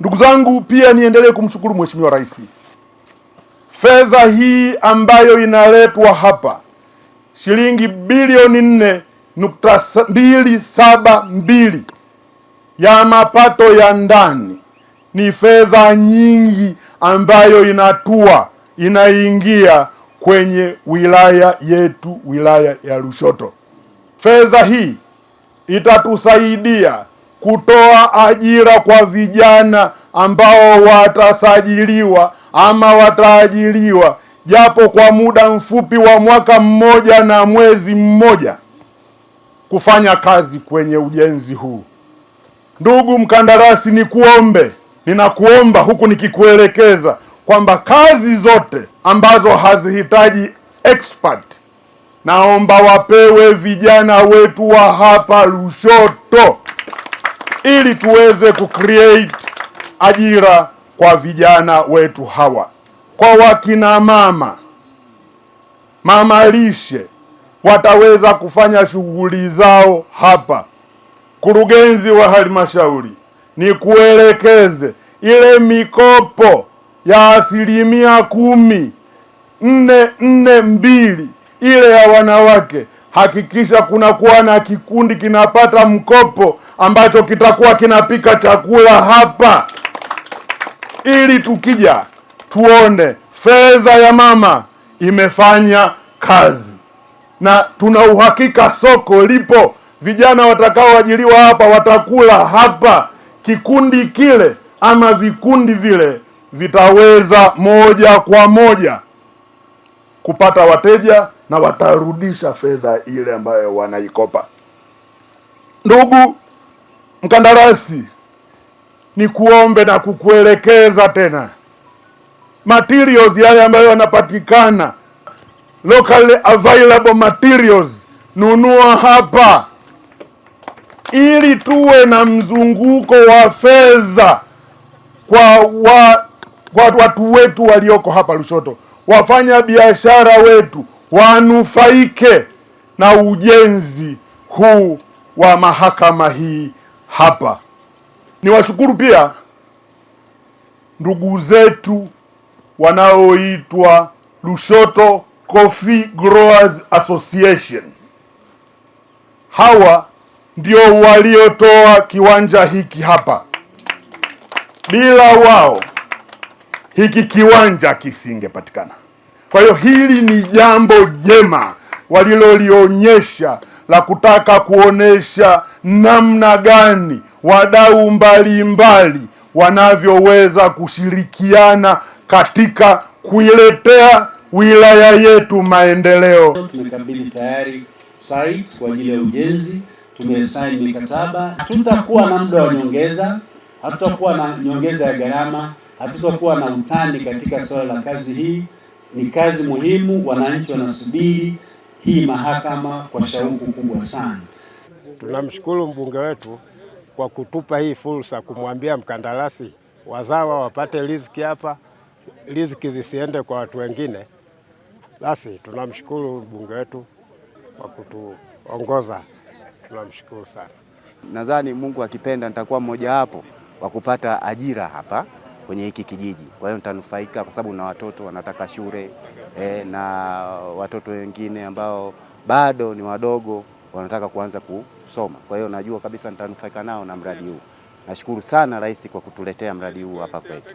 Ndugu zangu, pia niendelee kumshukuru Mheshimiwa Rais. Fedha hii ambayo inaletwa hapa shilingi bilioni nne nukta mbili saba mbili ya mapato ya ndani ni fedha nyingi ambayo inatua inaingia kwenye wilaya yetu, wilaya ya Lushoto. Fedha hii itatusaidia kutoa ajira kwa vijana ambao watasajiliwa ama wataajiriwa japo kwa muda mfupi wa mwaka mmoja na mwezi mmoja kufanya kazi kwenye ujenzi huu. Ndugu mkandarasi, nikuombe, ninakuomba huku nikikuelekeza kwamba kazi zote ambazo hazihitaji expert naomba wapewe vijana wetu wa hapa Lushoto ili tuweze kucreate ajira kwa vijana wetu hawa, kwa wakina mama, mama lishe wataweza kufanya shughuli zao hapa. Kurugenzi wa halmashauri, ni kuelekeze ile mikopo ya asilimia kumi nne nne mbili ile ya wanawake, hakikisha kunakuwa na kikundi kinapata mkopo ambacho kitakuwa kinapika chakula hapa, ili tukija tuone fedha ya mama imefanya kazi, na tuna uhakika soko lipo. Vijana watakaoajiriwa hapa watakula hapa. Kikundi kile ama vikundi vile vitaweza moja kwa moja kupata wateja na watarudisha fedha ile ambayo wanaikopa. Ndugu Mkandarasi, ni kuombe na kukuelekeza tena, materials yale ambayo yanapatikana local available materials, nunua hapa ili tuwe na mzunguko wa fedha kwa, wa, kwa watu wetu walioko hapa Lushoto, wafanya biashara wetu wanufaike na ujenzi huu wa mahakama hii hapa. Niwashukuru pia ndugu zetu wanaoitwa Lushoto Coffee Growers Association. Hawa ndio waliotoa kiwanja hiki hapa. Bila wao hiki kiwanja kisingepatikana. Kwa hiyo hili ni jambo jema walilolionyesha la kutaka kuonesha namna gani wadau mbalimbali wanavyoweza kushirikiana katika kuiletea wilaya yetu maendeleo. Tumekabidhi tayari site kwa ajili ya ujenzi, tumesaini mikataba. Hatutakuwa na muda wa nyongeza, hatutakuwa na nyongeza ya gharama, hatutakuwa na utani katika swala la kazi hii. Ni kazi muhimu, wananchi wanasubiri hii mahakama kwa shauku kubwa sana. Tunamshukuru mbunge wetu kwa kutupa hii fursa kumwambia mkandarasi wazawa wapate riziki hapa, riziki zisiende kwa watu wengine. Basi tunamshukuru mbunge wetu kwa kutuongoza, tunamshukuru sana. Nadhani Mungu akipenda nitakuwa mmojawapo wa kupata ajira hapa kwenye hiki kijiji. Kwa hiyo nitanufaika kwa sababu na watoto wanataka shule e, na watoto wengine ambao bado ni wadogo wanataka kuanza kusoma. Kwa hiyo najua kabisa nitanufaika nao na mradi huu. Nashukuru sana Rais kwa kutuletea mradi huu hapa kwetu.